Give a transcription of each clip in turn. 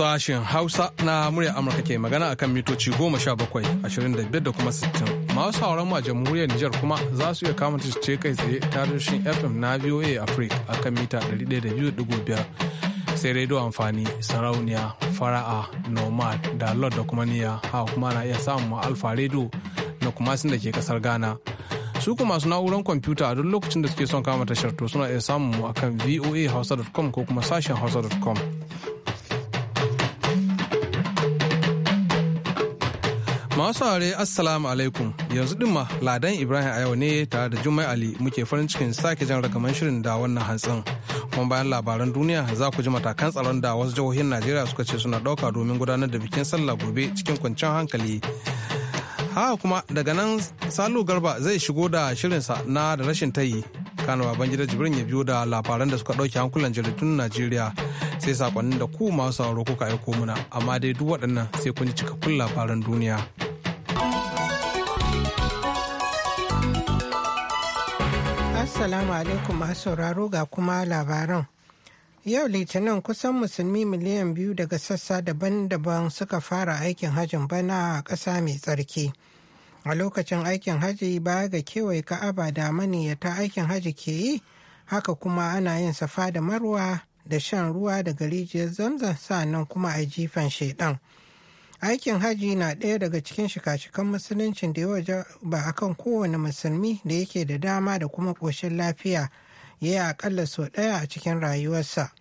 sashen Hausa na muryar Amurka ke magana akan mitoci 17, 25 da kuma 60. Masu sauran ma jamhuriyar Nijar kuma za su iya su ce kai tsaye ta FM na VOA Africa akan mita 102.5. Sai rediyo amfani, sarauniya, fara'a, nomad, da lord da kuma niya, ha kuma na iya samun alfa rediyo na kuma sun da ke kasar Ghana. su kuma masu na'urar kwamfuta a duk lokacin da suke son kama tashar to suna iya samun mu akan voahausa.com ko kuma sashen hausa.com. Masu saurare Assalamu alaikum yanzu din ma Ladan Ibrahim a yau ne tare da Jummai Ali muke farin cikin sake jan rakaman shirin da wannan hantsin. Kuma bayan labaran duniya za ku ji matakan tsaron da wasu jihohin Najeriya suka ce suna ɗauka domin gudanar da bikin sallah gobe cikin kwanciyar hankali. Ha kuma daga nan Salu Garba zai shigo da shirinsa na da rashin tayi. Kano Babangida Jibrin ya biyo da labaran da suka ɗauki hankulan jaridun Najeriya. sai sakonnin da ku masu sauraro kuka aiko muna amma dai duk waɗannan sai kun ji cikakkun labaran duniya. Assalamu alaikum masu sauraro ga kuma labaran. Yau Litinin kusan musulmi miliyan biyu daga sassa daban-daban suka fara aikin hajjin bana a ƙasa mai tsarki. A lokacin aikin hajji baya ga kewaye ka'aba da maniyyata aikin hajji ke yi, haka kuma ana yin safa da marwa da shan ruwa daga rijiyar zamzam sa'annan kuma a jifan shaidan. aikin hajji na ɗaya daga cikin shika-shikan musuluncin da ya waje ba a kan kowane musulmi da yake da dama da kuma ƙoshin lafiya ya yi aƙalla sau ɗaya a cikin rayuwarsa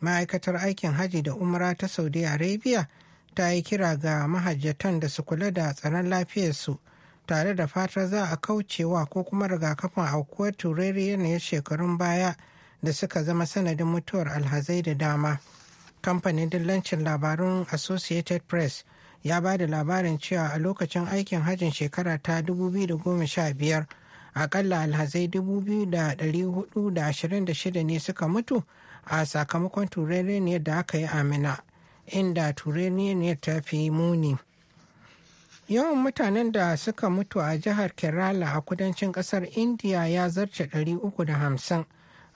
ma'aikatar aikin hajji da umra ta saudi arabia ta yi kira ga mahajjatan da su kula da tsaron lafiyarsu tare da fatar za a kaucewa ko kuma rigakafin aukuwar turere yanayin shekarun baya da suka zama sanadin mutuwar alhazai da dama. kamfanin dillancin labarun associated press ya ba da labarin cewa a lokacin aikin hajjin shekara ta 2015 akalla alhazai 2,426 ne suka mutu a sakamakon turereniyar da aka yi amina inda turereniyar ta fi muni yawan mutanen da suka mutu a jihar kerala a kudancin kasar india ya zarce 350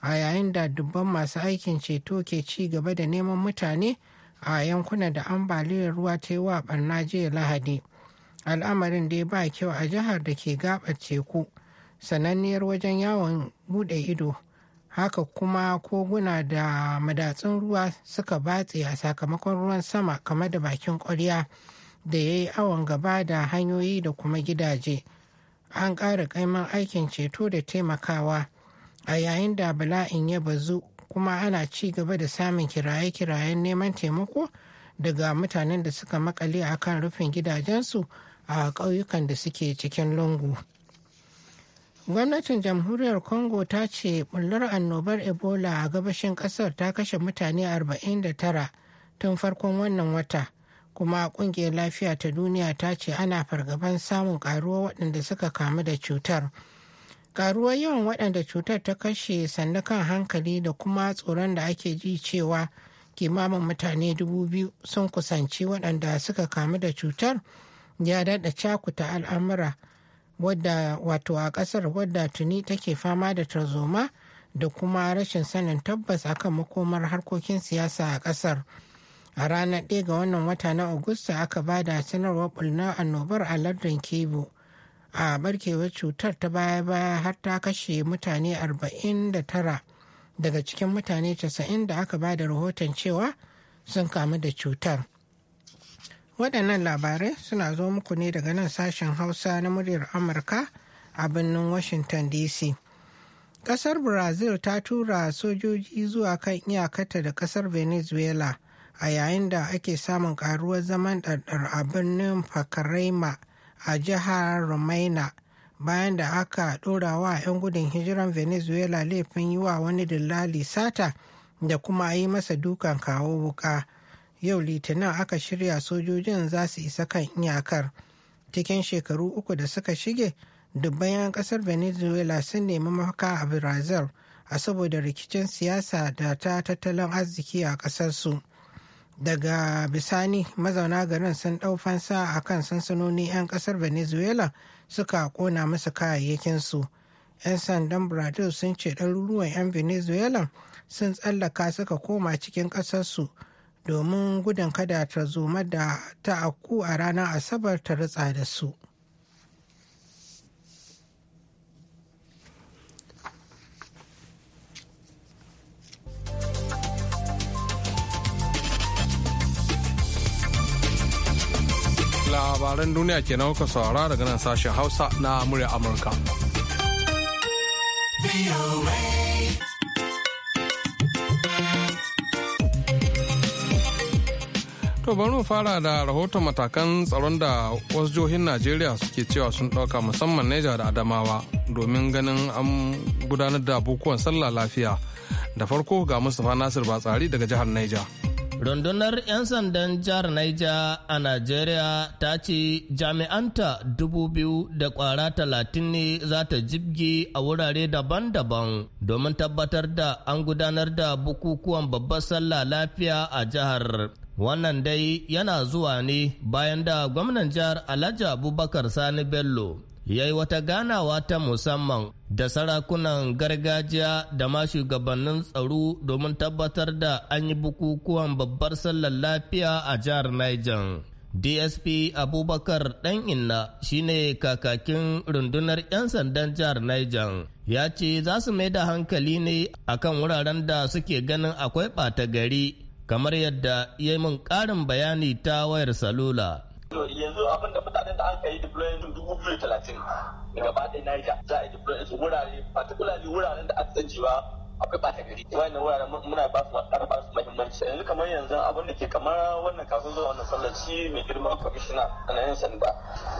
a yayin da dubban masu aikin ceto ke ci gaba da neman mutane a yankuna da ambaliyar ruwa ta yi wa barna jiya lahadi al'amarin dai ba kyau a jihar da ke gabar teku sananniyar wajen yawon bude ido haka kuma koguna da madatsun ruwa suka batse a sakamakon ruwan sama kamar da bakin ƙwarya da ya yi awon gaba da hanyoyi da kuma gidaje an ƙara ƙaiman aikin ceto da taimakawa a yayin da bala'in ya bazu kuma ana ci gaba da samun kiraye-kirayen neman taimako daga mutanen da suka makale a kan rufin gidajensu a ƙauyukan da suke cikin lungu. gwamnatin jamhuriyar congo ta ce bullar annobar ebola a gabashin kasar ta kashe mutane 49 tun farkon wannan wata kuma kungiyar lafiya ta duniya ta ce ana fargaban samun karuwa waɗanda suka kamu da cutar. Karuwar yawan waɗanda cutar ta kashe sannu kan hankali da kuma tsoron da ake ji cewa kimamin mutane dubu biyu sun kusanci waɗanda suka kamu da cutar ya daɗa cakuta al'amura wadda wato a ƙasar wadda tuni take fama da tarzoma da kuma rashin sanin tabbas a kan makomar harkokin siyasa a ƙasar. a ranar ɗaya ga wannan wata na agusta aka ba da sanarwar bulna annobar a lardin kebu a barkewar cutar ta baya-baya har ta kashe mutane 49 daga cikin mutane 90 da aka ba da rahoton cewa sun kamu da cutar. waɗannan labarai suna zo muku ne daga nan sashen hausa na muryar amurka a birnin washington dc ƙasar brazil ta tura sojoji zuwa kan iyakata da ƙasar venezuela a yayin da ake samun ƙaruwar zaman ɗarɗar a birnin fakarema a jihar Romaina bayan da aka ɗora wa 'yan gudun hijiran Venezuela laifin yi wa wani dillali sata da kuma yi masa dukan kawo wuka. Yau Litinin aka shirya sojojin za su isa kan iyakar. Cikin shekaru uku da suka shige, dubban 'yan kasar Venezuela sun nemi mafaka a Brazil a saboda rikicin siyasa da ta tattalin arziki a ƙasarsu. su. daga bisani mazauna garin sun ɗau fansa a kan sansanoni 'yan ƙasar venezuela suka ƙona musu kayayyakinsu 'yan sandan brazil sun ce ɗaruruwan 'yan venezuela sun tsallaka suka koma cikin ƙasarsu domin gudun kada ta zo da ta aku a ranar asabar ta ritsa da su labaran duniya kenan kuka saurara daga nan sashen hausa na murya amurka To bari mu fara da rahoton matakan tsaron da wasu jihohin Najeriya suke cewa sun ɗauka musamman Neja da Adamawa domin ganin an gudanar da bukuwan sallah lafiya. Da farko ga Mustapha Nasir Batsari daga jihar Niger. Rundunar 'yan sandan jihar Naija a Najeriya ta ce jami'anta dubu biyu da kwara talatin ne za ta jibge a wurare daban-daban domin tabbatar da an gudanar da bukukuwan babbar sallah lafiya a jihar. Wannan dai yana zuwa ne bayan da gwamnan jihar Alhaji Abubakar Sani Bello yayi wata ganawa ta musamman da sarakunan gargajiya da ma shugabannin tsaro domin tabbatar da an yi bukukuwan babbar sallar lafiya a jihar Niger. DSP Abubakar ɗan inna shine kakakin rundunar 'yan sandan jihar Niger ya ce za su mai da hankali ne akan wuraren da suke ganin akwai ɓata gari kamar yadda ya yi min ƙarin bayani ta wayar salula. yanzu abin da mutanen da yi kai deploying dubu biyu talatin daga baɗin Niger za a yi deploying su wurare particularly wuraren da aka san cewa akwai ɓata gari wannan wuraren muna ba su ƙara ba su muhimmanci yanzu kamar yanzu abin da ke kamar wannan kasuwar zuwa wannan sallar shi mai girma kwamishina a nan yan sanda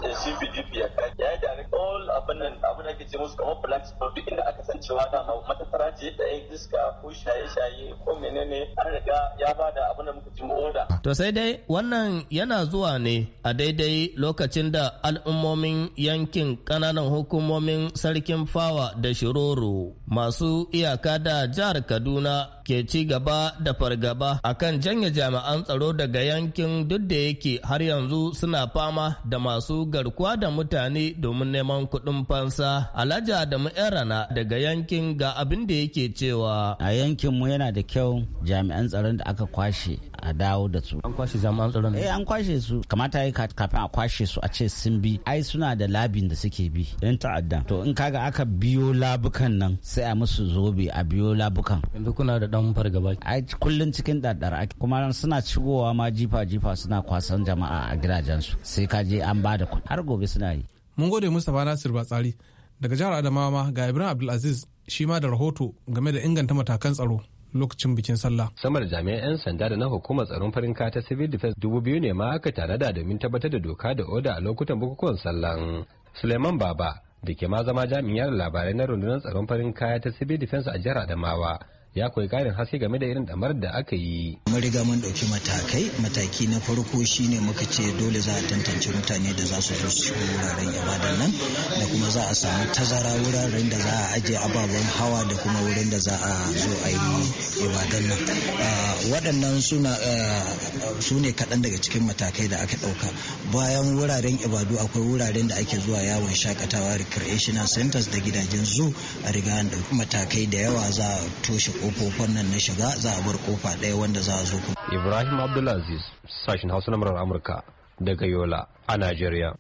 da eh, shi pdp ya kai ya yi da all abin nan abin da ake ce musu kamar black spot duk inda aka san cewa dama matattara ce da yan iska ko shaye-shaye ko menene an riga ya ba da abin da muka ji mu oda. to sai dai wannan yana zuwa ne a daidai lokacin da al'ummomin yankin ƙananan hukumomin sarkin fawa da shiroro masu iyaka da da jihar Kaduna ke ci gaba da fargaba akan janye jami'an tsaro daga yankin duk da yake har yanzu suna fama da masu garkuwa da mutane domin neman kuɗin fansa. Alhaji Adamu Erana daga yankin ga abin da yake cewa. A yankin mu yana da kyau jami'an tsaron da aka kwashe a dawo da su. An kwashe jami'an tsaron. Eh an kwashe su. Kamata yi kafin a kwashe su a ce sun bi. Ai suna da labin da suke bi. Yan ta'adda. To in kaga aka biyo labukan nan sai a musu zobe a biyo biyo labukan yanzu kuna da dan fargaba ai kullum cikin ake. kuma suna shigowa ma jifa jifa suna kwasan jama'a a gidajensu sai ka je an ba da kuɗi har gobe suna yi mun gode Mustapha Nasir Batsari daga jihar Adamawa ma ga Ibrahim Abdulaziz shi ma da rahoto game da inganta matakan tsaro lokacin bikin sallah. Samar jami'an 'yan sanda da na hukumar tsaron farin ta civil defense dubu biyu ne ma aka tare da domin tabbatar da doka da oda a lokutan bukukuwan sallah. Suleiman Baba da ke ma zama jami'ar labarai na rundunar tsaron farin kaya ta civil defense a jihar adamawa ya koyi karin haske game da irin damar da aka yi. mun riga mun ɗauki matakai mataki na farko shine muka ce dole za a tantance mutane da za su zo su wuraren kenan da kuma za a samu tazara wuraren da za a ajiye ababen hawa da kuma wurin da za a zo a yi ibadan nan ah, waɗannan ah, su ne kaɗan daga cikin matakai da aka ɗauka bayan wuraren ibadu akwai wuraren da ake zuwa yawon shakatawa recreational centers da gidajen zu a riga an ɗauki matakai da yawa za a toshe ƙofofin nan na shiga za a bar ƙofa ɗaya wanda za a zo kuma ibrahim abdulaziz sashen hausa na murar amurka daga yola a najeriya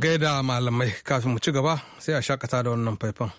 gaida malamai kafin mu ci gaba sai a shakata da wannan faifan.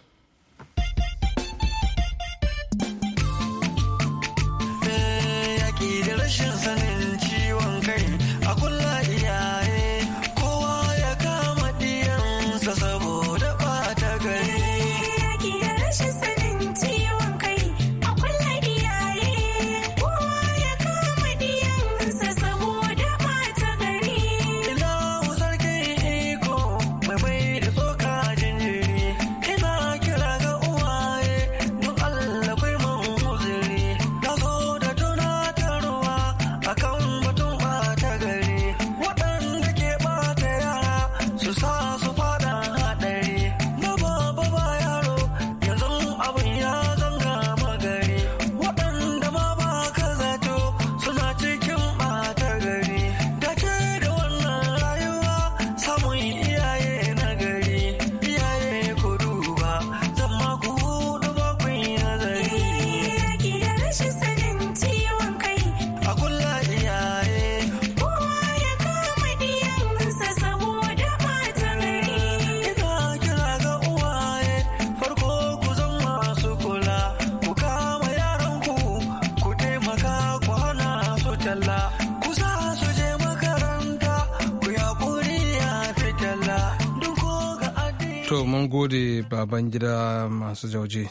baban gida masu jauje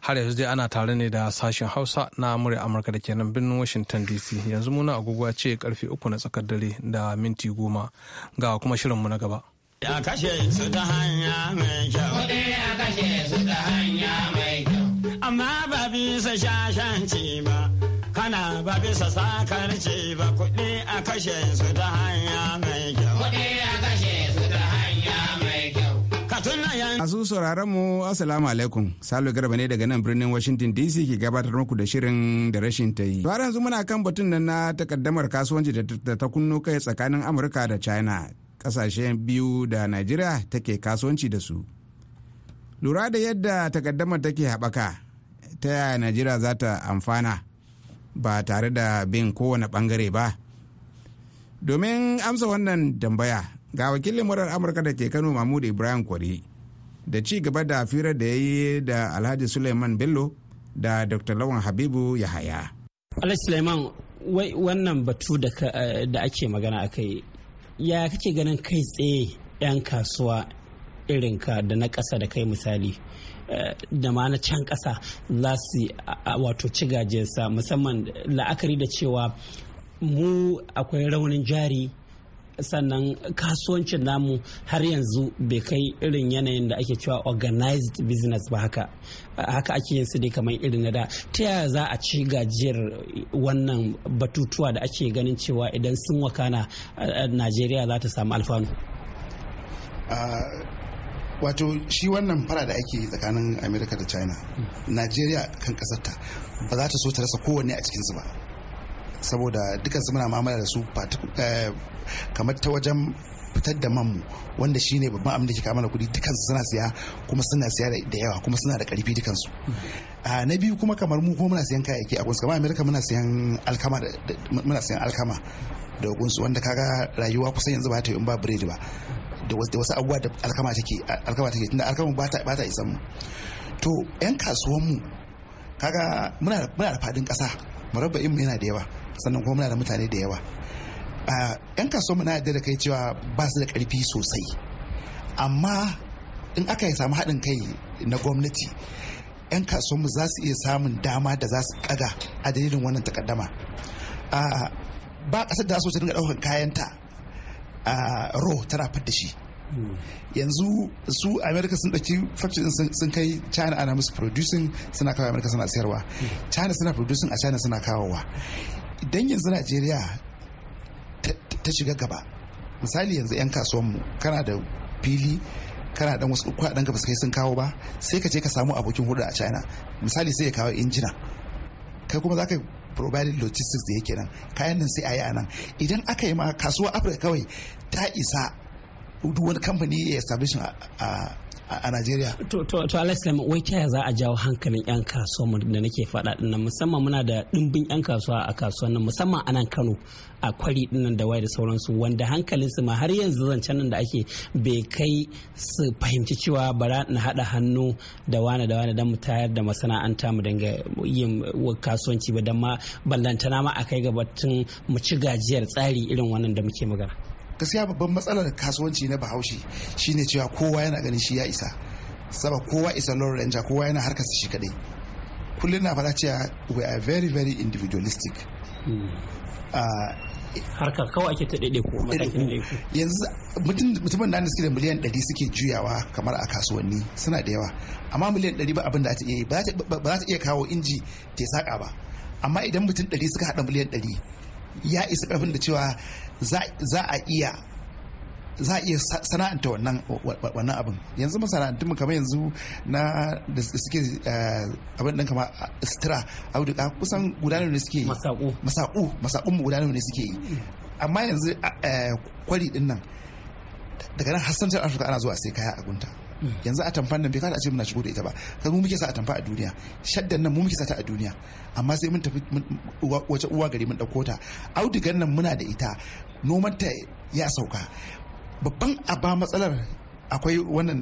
har yanzu dai ana tare ne da sashen hausa na murya amurka da kenan birnin washington dc yanzu muna agogwa ce karfe uku na tsakar dare da minti goma ga kuma shirinmu na gaba ya kashe su ta hanya mai kyau ya kashe su ta hanya mai kyau amma ba bisa shashanci ba kana ba bisa sakarci ba kuɗi a kashe su ta hanya mai kyau kuɗi a kashe su ta Masu sauraron mu Assalamu alaikum. Salo Garba ne daga nan birnin Washington DC ke gabatar muku da shirin da rashin ta yi. Tare yanzu muna kan batun nan na takaddamar kasuwanci da ta kunno kai tsakanin Amurka da China. Kasashen biyu da nigeria take kasuwanci da su. Lura da yadda takaddamar take haɓaka ta yaya nigeria za ta amfana ba tare da bin kowane bangare ba. Domin amsa wannan tambaya ga wakilin murar Amurka da ke Kano Mahmud Ibrahim Kwari. da ci gaba da firar da ya yi da alhaji suleiman bello da dr lawan habibu yahaya alhaji suleiman wannan batu da ake magana akai ya kake ganin kai tsaye 'yan kasuwa irinka da na ƙasa da kai misali eh, da ma na can ƙasa za su wato ci gajiyarsa musamman la'akari da cewa mu akwai raunin jari sannan kasuwancin namu har yanzu bai kai irin yanayin da ake cewa organized business ba haka haka ake yin su dai kamar irin na da ta yaya za a ci gajiyar wannan batutuwa da ake ganin cewa idan sun wakana eh, najeriya za ta samu alfanu ah, wato shi wannan fara da ake tsakanin america da china hmm. najeriya kan kasarta ba za ta so ta rasa kowanne a cikinsu ba saboda dukkan su muna mamala da su eh, kamar ta wajen fitar da manmu wanda shine babban abin da ke kama da kuɗi dukansu suna siya kuma suna siya da yawa kuma suna da ƙarfi dukansu hmm. a ah, na biyu kuma kamar mu kuma muna siyan kayayyaki a gunsu kamar amerika muna siyan alkama muna siyan alkama da gunsu wanda kaga rayuwa kusan yanzu ba ta yi ba biredi ba da wasu abubuwa da alkama take alkama take tunda alkama ba ta ba ta isan mu to yan kasuwan mu kaga muna muna da fadin ƙasa murabba'in mu yana da yawa sannan kuma muna da mutane da yawa yan kaso na yadda da kai cewa ba su da karfi sosai amma in aka samu haɗin kai na gwamnati 'yan kasuwanmu za su iya samun dama da za su kada a dalilin wannan takaddama ba ƙasar da so ta dinga ɗaukar kayanta a ro tana fadda shi yanzu su america sun ɗauki factory sun kai china ana musu producing suna kawo america suna sayarwa china suna producing a china suna kawowa idan yanzu najeriya ta shiga gaba misali yanzu 'yan kasuwanmu kana da fili kana da wasu kuɗaɗen kai sun kawo ba sai ka je ka samu abokin hudu a china misali sai ya kawo injina kai kuma za ka provide logistics da yake nan kayan nan sai a yi a nan idan aka yi ma kasuwa afirka kawai ta isa wani kamfani ya establish a a Najeriya. To to wai ta za a jawo hankalin 'yan kasuwa da nake faɗa dinnan musamman muna da ɗimbin 'yan kasuwa a kasuwan nan musamman a nan Kano a kwari dinnan da wai da sauransu wanda hankalin su ma har yanzu zancen nan da ake bai kai su fahimci cewa bara na haɗa hannu da wani da wani don mu tayar da masana'anta mu dinga yin kasuwanci ba don ma ballantana ma a kai gabatun mu ci gajiyar tsari irin wannan da muke magana. gaskiya babban matsalar kasuwanci na bahaushe shine cewa kowa yana ganin shi ya isa saba kowa isa lord ranger kowa yana harkarsa shi kadai kullum na fara cewa we are very very individualistic hmm. ah, Harkar kawai ake ta daidai ko eh, matakin yanzu mutumin da suke da miliyan 100 suke juyawa kamar a kasuwanni suna da yawa amma miliyan 100 ba abin da ta iya ba za ta iya kawo inji ta saƙa ba amma idan mutum 100 suka haɗa miliyan ɗari. ya isa karfin da cewa za a iya za a iya sana'anta wannan abin yanzu mu kamar yanzu na da suke eh, abin ɗin kama eh, sutura auduka kusan gudanar ne suke yi masaku masakun mu gudanar ne suke yi amma yanzu eh, kwari ɗin nan daga nan hassan afirka ana zuwa sai kaya a gunta yanzu a tamfan nan bai kada a ce muna shigo da ita ba kan mu muke sa a tamfa a duniya shaddan nan mu muke sa ta a duniya amma sai mun tafi wace uwa gari mun dauko ta audigan nan muna da ita noman ta ya sauka babban aba matsalar akwai wannan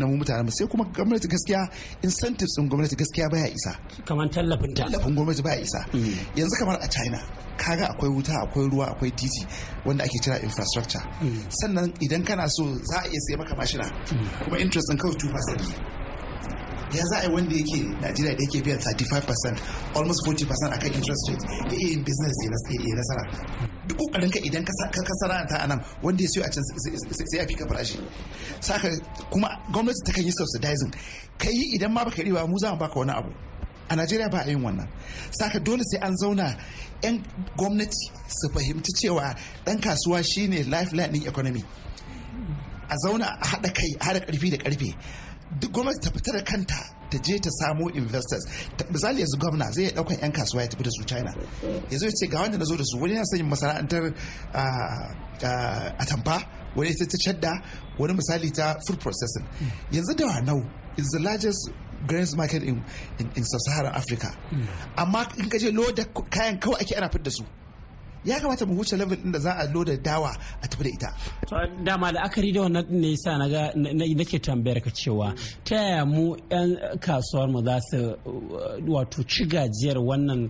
na mu mutane sai kuma gwamnati gaskiya incentives din gwamnati gaskiya baya isa kamar tallafin ta tallafin gwamnati baya isa mm. yanzu kamar a china kaga akwai wuta akwai ruwa akwai titi wanda ake cira infrastructure mm. sannan idan kana so za a iya sai maka mashina mm. kuma interest in kawai 2% ya za a yi wanda yake najeriya da yake biyan 35% almost 40% akan interest rate ya iya yin business ya nasara duk kokarin ka idan ka ta a nan wanda ya siyo a can sai ya fi ka farashi saka kuma gwamnati ta kan yi subsidizing kai idan ma baka riba mu za mu baka wani abu a najeriya ba a yin wannan saka dole sai an zauna 'yan gwamnati su fahimci cewa dan kasuwa shine lifeline din economy a zauna a haɗa kai a haɗa ƙarfi da ƙarfe duk gwamnati ta fita da kanta ta je ta samo investors misali yanzu gwamna zai yi ɗaukan 'yan kasuwa ya tafi da su china yanzu ya ce ga wanda na zo da su wani yana sanyin masana'antar ah, ah, atamfa wani ta cadda wani misali ta food processing yanzu da wa nau is the largest grains market in, in, sub-saharan africa amma in ka je loda kayan kawai ake ana da su ya kamata mu huce level din da za a loda dawa a tafi da ita dama da wannan ne yasa ga nake tambayar ka cewa ta yaya mu yan kasuwar mu za su uh, wato ci gajiyar wannan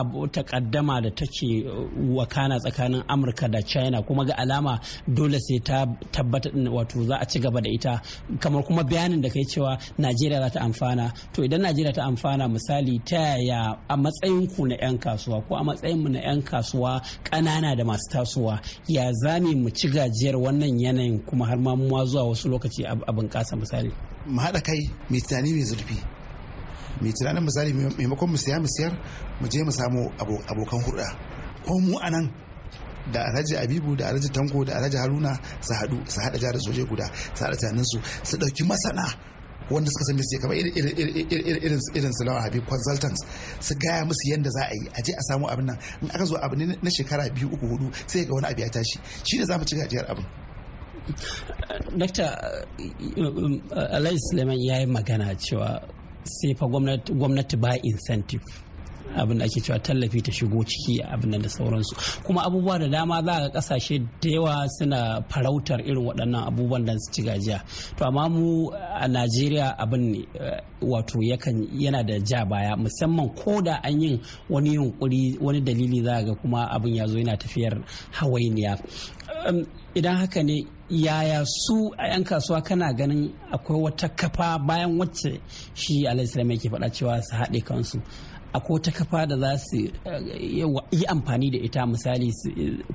abu takaddama da take uh, wakana tsakanin Amurka da China kuma ga alama dole sai ta tabbata wato za a ci gaba da ita kamar kuma bayanin da kai cewa Najeriya za ta amfana to idan Najeriya ta amfana misali ta yaya a matsayin ku na yan kasuwa ko a matsayin mu na yan kasuwa Kanana da masu tasowa ya zame mu ci gajiyar wannan yanayin kuma har ma mu zuwa wasu lokaci a bunƙasa misali mu haɗa kai mai tunani mai zurfi mai tunanin misali maimakon mu siya mu siyar mu je mu samu abokan hulɗa ko mu anan da alhaji abibu da alhaji tanko da alhaji haruna su haɗu su haɗa jihar soje guda su haɗa tunaninsu su ɗauki masana wanda suka san me kama kamar irin su lawa habib consultants su gaya musu yadda za a yi aje a samu abin nan in aka zo abu na shekara biyu uku hudu sai ga wani abu ya tashi shi ne za mu ci gajiyar abin Dr. Uh, um, uh, Alain Suleiman ya yi magana cewa sai fa gwamnati ba incentive abin da ake cewa tallafi ta shigo ciki abin da sauransu kuma abubuwa da dama za ga kasashe da yawa suna farautar irin waɗannan abubuwan da su ci gajiya to amma mu a najeriya abin eh, wato yakan yana da ja baya musamman ko da an yi wani yunkuri wani dalili za ga kuma abin ya zo yana tafiyar hawainiya idan haka ne yaya su a 'yan kasuwa kana ganin akwai wata kafa bayan wacce shi alaihissalam yake faɗa cewa su haɗe kansu akwai ta kafa da za su eh, yi amfani da ita misali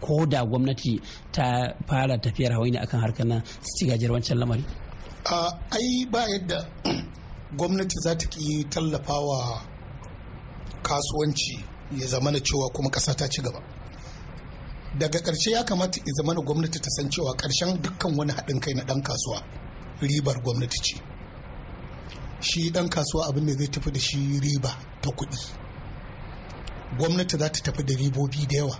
ko da gwamnati ta fara tafiyar hawaii akan harkar nan su ci gajiyar wancan lamari ai ba yadda gwamnati za ta ki tallafawa kasuwanci ya zamana cewa kuma ƙasa ta ci gaba daga ƙarshe ya kamata ya zamana gwamnati ta san cewa ƙarshen dukkan wani haɗin kai na ɗan kasuwa ribar gwamnati ce shi dan kasuwa abin da zai tafi da shi riba ta kuɗi gwamnati za ta tafi da ribobi da yawa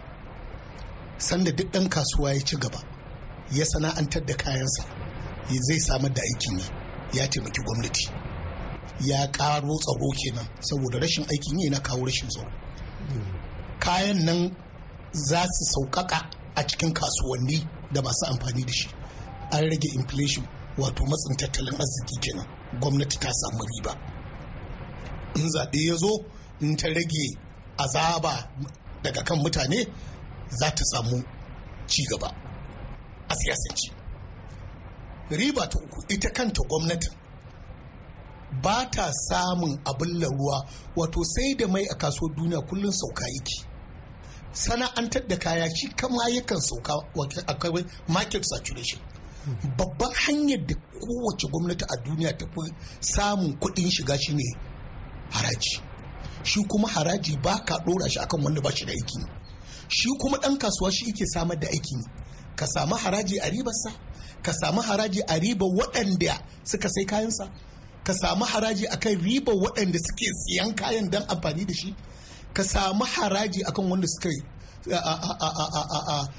sanda duk dan kasuwa ya ci gaba ya sana'antar da kayansa zai samar da aikin yi ya taimaki gwamnati ya ƙaro tsaro kenan saboda rashin aikin yi na kawo rashin tsaro kayan nan za su sauƙaƙa a cikin kasuwanni da masu amfani da shi an rage inflation wato matsin tattalin arziki kenan gwamnati ta samu riba in zaɓe ya zo in ta rage azaba daga kan mutane za ta samu cigaba a siyasance riba ta uku ita kanta gwamnati ba ta samun abin laruwa wato sai da mai a kasuwar duniya kullum sauka yake sana'antar da kaya shi kama yakan sauka a market saturation babban hanyar da kowace gwamnati a duniya ta fi samun kuɗin shiga shine haraji shi kuma haraji ba ka ɗora shi akan wanda ba shi da aiki shi kuma ɗan kasuwa shi ke samar da aiki ne ka samu haraji a ribarsa ka samu haraji a ribar waɗanda suka sai kayansa ka samu haraji akan ribar waɗanda suke siyan kayan don amfani da shi ka samu haraji akan wanda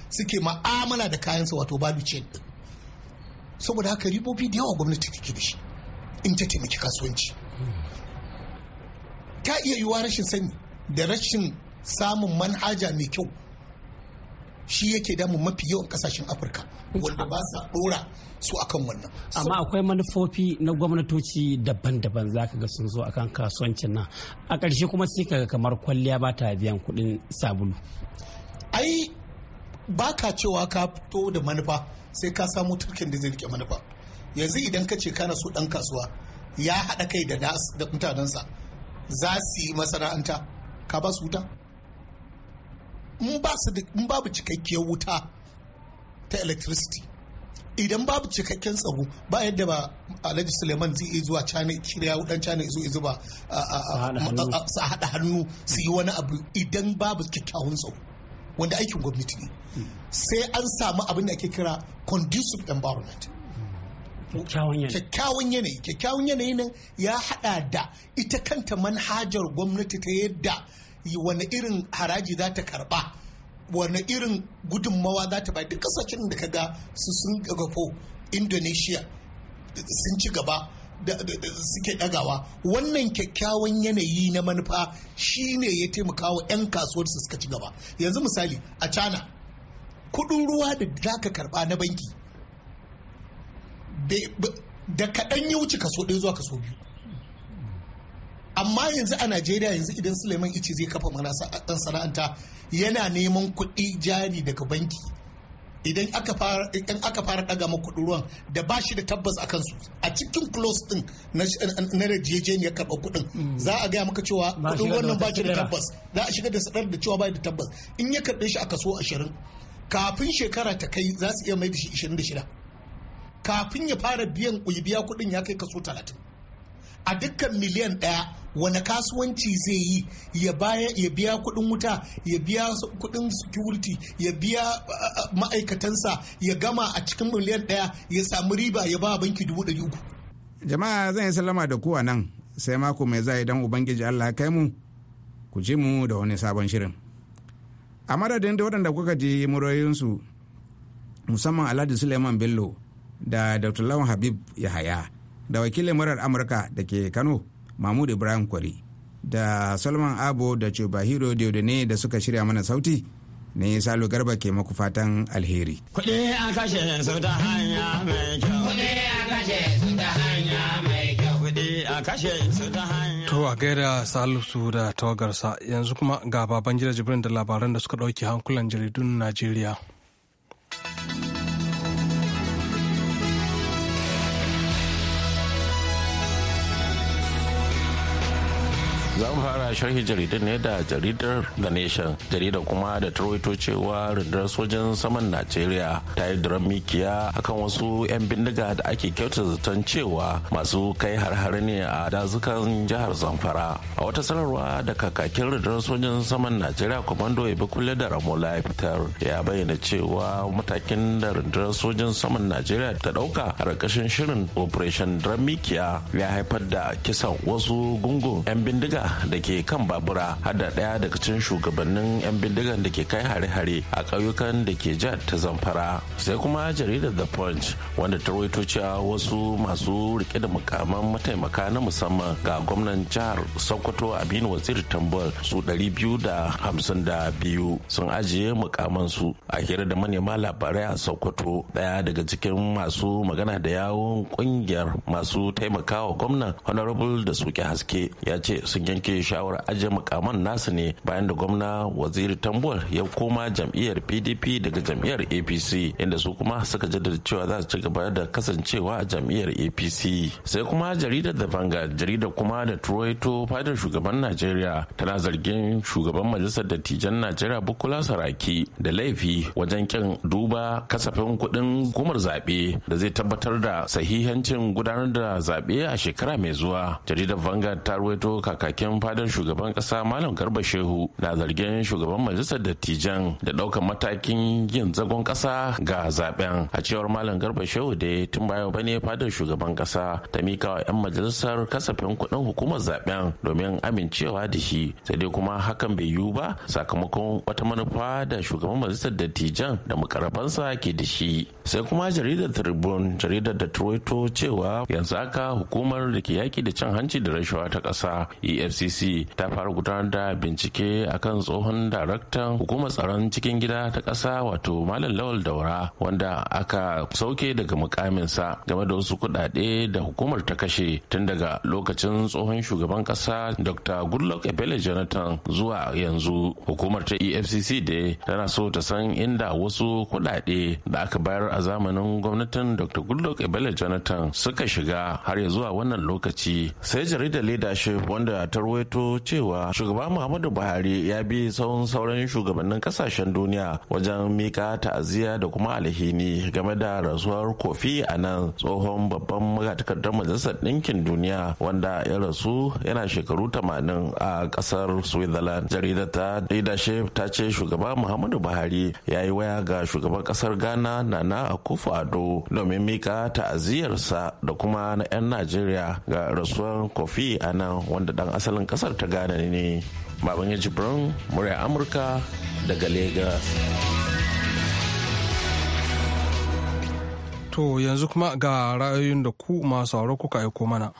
suke mu'amala ma'amala da kayansa wato babu chain saboda haka ribobi da yawa gwamnati take da shi in ta taimaki kasuwanci ta iya yiwuwa rashin sani da rashin samun manhaja mai kyau shi yake damun mafi yawan kasashen afirka wanda ba sa dora su akan wannan amma akwai manufofi na gwamnatoci daban-daban za ka ga sun zo akan kasuwancin nan a ƙarshe kuma sai ka kamar kwalliya ba ta biyan kuɗin sabulu ai ba ka cewa ka fito da manufa sai ka samu turkin da zai rike manufa yanzu idan ka ce kana so dan kasuwa ya haɗa kai da mutanensa za su yi masana'anta ka ba su wuta in babu cikakkiyar wuta ta electricity idan babu cikakken tsaro ba yadda ba alhaji suleiman zai iya zuwa cana shirya cana ya zo ya zuba su haɗa hannu su yi wani abu idan babu kyakkyawan tsaro wanda aikin gwamnati ne sai an samu abin da ake kira conducive environment kyakkyawan yanayi kyakkyawan yanayi nan ya hada da ita kanta manhajar gwamnati ta yadda wani irin haraji za ta karba wani irin gudunmawa za ta bayar duk kasashen da ka ga su sun gagafo indonesia sun ci gaba suke dagawa wannan kyakkyawan yanayi na manufa shine ya taimaka wa 'yan kasuwar su suka ci gaba yanzu misali a cana kudin ruwa da zaka karba na banki da kaɗan ya wuce kaso ɗaya zuwa kaso biyu amma yanzu a najeriya yanzu idan suleiman ice zai kafa mana sana'anta yana neman kuɗi jari daga banki idan aka fara idan aka fara daga muku ruwan da ba shi da tabbas akan su a cikin close din na rajejeniyar karɓar kuɗin mm. za a gaya maka cewa kuɗin wannan ba shi da tabbas za a shiga da sadar da cewa ba da tabbas in ya karɓe shi a kaso ashirin kafin shekara ta kai za su iya mai da shi 26 da shida kafin ya fara biyan biya kuɗin ya kai kaso talatin a dukkan miliyan ɗaya wani kasuwanci zai yi ya biya kuɗin wuta ya biya kuɗin security ya biya ma'aikatansa ya gama a cikin miliyan ɗaya ya samu riba ya ba banki dubu ɗari uku. jama'a zan yi sallama da kuwa nan sai mako mai zai dan ubangiji allah kai mu ku ji mu da wani sabon shirin a madadin da waɗanda kuka ji murayinsu musamman alhaji suleiman bello da dr lawan habib yahaya da wakilin murar amurka da ke kano mahmud ibrahim kwari da solomon abu da chubahiro diodone da suka shirya mana sauti ne salo garba ke maku fatan alheri kuɗi a kashe su to a salisu da tawagarsa yanzu kuma ga baban jibrin da labaran da suka ɗauke hankulan jaridun najeriya za mu fara sharhi jaridar ne da jaridar the nation jaridar kuma da tarwaito cewa rundunar sojan saman najeriya ta yi mikiya akan wasu 'yan bindiga da ake kyauta zaton cewa masu kai har ne a dazukan jihar zamfara a wata sanarwa da kakakin rundunar sojan saman najeriya kwamando ya bi kulle da ramola ya fitar ya bayyana cewa matakin da rundunar sojan saman najeriya ta dauka a ƙarƙashin shirin operation duran mikiya ya haifar da kisan wasu gungun 'yan bindiga da ke kan babura har da ɗaya daga cikin shugabannin 'yan bindigan da ke kai hare-hare a ƙauyukan da ke jihar ta zamfara sai kuma jaridar the punch wanda ta rawaito cewa wasu masu rike da mukaman mataimaka na musamman ga gwamnan jihar sokoto aminu waziri tambol su 252 sun ajiye su a hira da manema labarai a sokoto ɗaya daga cikin masu magana da yawon ƙungiyar masu taimakawa gwamnan honorable da suke haske ya ce sun yanke shawarar ajiye mukaman nasu ne bayan da gwamna waziri tambuwar ya koma jam'iyyar pdp daga jam'iyyar apc inda su kuma suka jaddada cewa za su ci gaba da kasancewa a jam'iyyar apc sai kuma jaridar da vanga jaridar kuma da troito fadar shugaban najeriya tana zargin shugaban majalisar dattijan najeriya bukola saraki da laifi wajen kin duba kasafin kuɗin gumar zaɓe da zai tabbatar da sahihancin gudanar da zaɓe a shekara mai zuwa jaridar vanga ta ruwaito kakakin kakakin fadar shugaban kasa malam garba shehu na zargin shugaban majalisar dattijan da daukan matakin yin zagon kasa ga zaben a cewar malam garba shehu da ya tun baya bane fadar shugaban kasa ta mika wa 'yan majalisar kasafin kuɗin hukumar zaben domin amincewa da shi sai dai kuma hakan bai yiwu ba sakamakon wata manufa da shugaban majalisar dattijan da mukarabansa ke da shi sai kuma jaridar tribune jaridar da troito cewa yanzu haka hukumar da ke yaki da cin hanci da rashawa ta ƙasa efcc ta fara gudanar da bincike akan tsohon daraktan hukumar tsaron cikin gida ta ƙasa wato malam lawal daura wanda aka sauke daga mukaminsa game da wasu kuɗaɗe da hukumar ta kashe tun daga lokacin tsohon shugaban ƙasa dr goodluck ebele jonathan zuwa yanzu hukumar ta efcc da tana so ta san inda wasu kuɗaɗe da aka bayar a zamanin gwamnatin dr goodluck ebele jonathan suka shiga har ya zuwa wannan lokaci sai jaridar leadership wanda ta rawaito cewa shugaban muhammadu buhari ya bi sauran sauran shugabannin kasashen duniya wajen mika ta'aziyya da kuma alhini game da rasuwar kofi a nan tsohon babban magatakardar majalisar ɗinkin duniya wanda ya rasu yana shekaru tamanin a ƙasar switzerland jaridar ta leadership ta ce shugaba muhammadu buhari ya yi waya ga shugaban ƙasar ghana nana a kufu ado domin mika ta'aziyarsa da kuma na 'yan najeriya ga rasuwar kofi a nan wanda dan asalin kasar ta gane ne baban ya jibrin murya amurka daga lagos to yanzu kuma ga ra'ayoyin da ku masu kuka aiko mana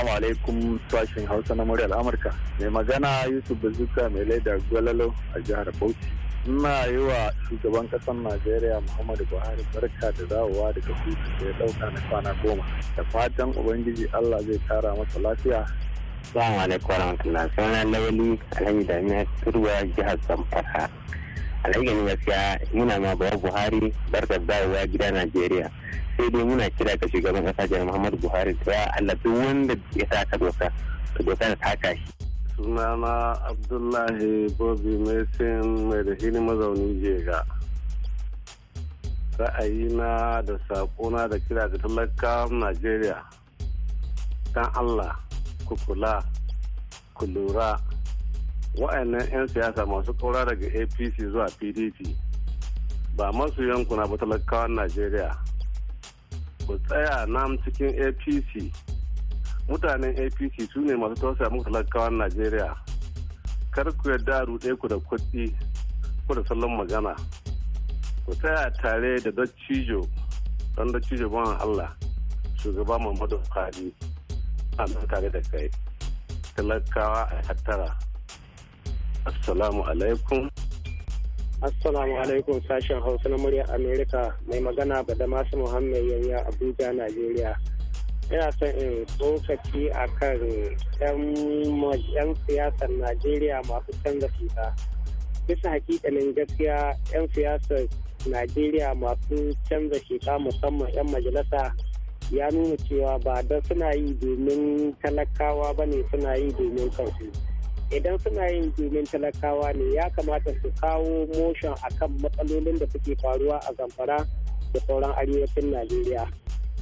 Assalamu alaikum sashen Hausa na muryar Amurka. Mai magana Yusuf Bazuka mai laida Gwalalo a jihar Bauchi. Ina yi wa shugaban ƙasar Najeriya Muhammadu Buhari barka da dawowa daga hutu da ya ɗauka na kwana goma. Da fatan Ubangiji Allah zai tara masa lafiya. Assalamu alaikum warahmatullahi. Sunan Lawali Alhaji Damiya Turwa jihar Zamfara. alhaƙin gaskiya muna ma bawa buhari barka dawowa gida najeriya sai dai muna kira ga shugaban ƙasa jihar muhammadu buhari da ya allah duk wanda ya taka doka ta doka ta taka shi. sunana abdullahi bobi mason mai da hini mazauni jega ra'ayina da saƙona da kira ga talakawan najeriya dan allah ku kula ku lura wa'annan 'yan siyasa masu kora daga apc zuwa pdp ba masu yankuna ba talakawan najeriya ku tsaya nam cikin apc mutanen apc su ne masu tausaya muku talakawan najeriya kar ku yarda a ruɗe ku da kuɗi ku da salon magana ku tsaya tare da dacijo don dattijo ban allah shugaba muhammadu buhari a tare da kai talakawa a hattara. Assalamu alaikum. Assalamu alaikum sashen Hausa na murya Amerika mai magana ba da Badamasu Muhammad Yanya Abuja, Najeriya. Ina son in tsokaci a kan 'yan siyasar Najeriya masu canza fita. Bisa hakikalin gaskiya 'yan siyasar Najeriya masu canza sheka musamman 'yan majalisa ya nuna cewa ba da suna yi domin talakawa ba ne suna yi domin kansu. idan suna yin domin talakawa ne ya kamata su kawo motion akan matsalolin da suke faruwa a zamfara da sauran arewacin najeriya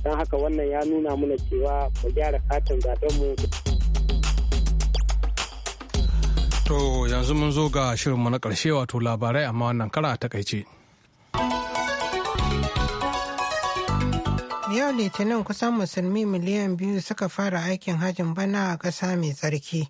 don haka wannan ya nuna mana cewa mu gyara katin mu. to yanzu mun zo ga shirinmu na karshe wato labarai amma wannan kara takaice. yau litinin kusan musulmi miliyan biyu suka fara aikin hajjin bana a ƙasa mai tsarki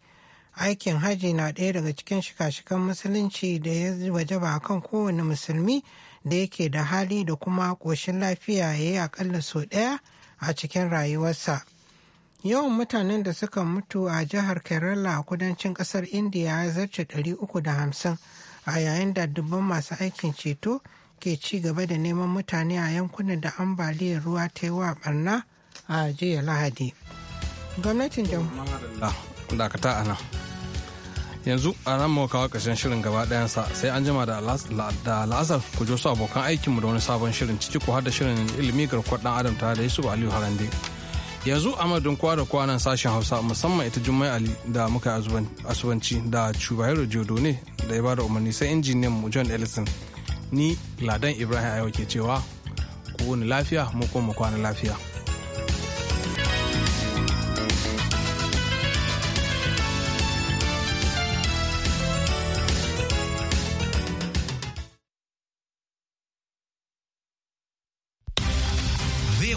aikin haji na ɗaya daga cikin shika-shikan musulunci da ya wajaba kan kowane musulmi da yake da hali da kuma ƙoshin lafiya ya yi aƙalla sau ɗaya a cikin rayuwarsa yawan mutanen da suka mutu a jihar kerala a kudancin ƙasar indiya ya zarce 350 a yayin da dubban masu aikin ceto ke ci gaba da neman mutane a yankunan da ambaliyar ruwa ta yi wa barna a jiya lahadi gwamnatin jamhuriyar yanzu a nan mu kawo ƙarshen shirin gaba ɗayansa sai an jima da la'asar ku ji wasu abokan aikinmu da wani sabon shirin ciki ko har da shirin ilimi garkuwar ɗan adam tare da yusuf aliyu harande yanzu a madadin kowa da kowa nan sashen hausa musamman ita jummai ali da muka asubanci da rojo jodo ne da ya bada umarni sai injiniyan mu john ellison ni ladan ibrahim ayo ke cewa ku wani lafiya mu kuma kwana lafiya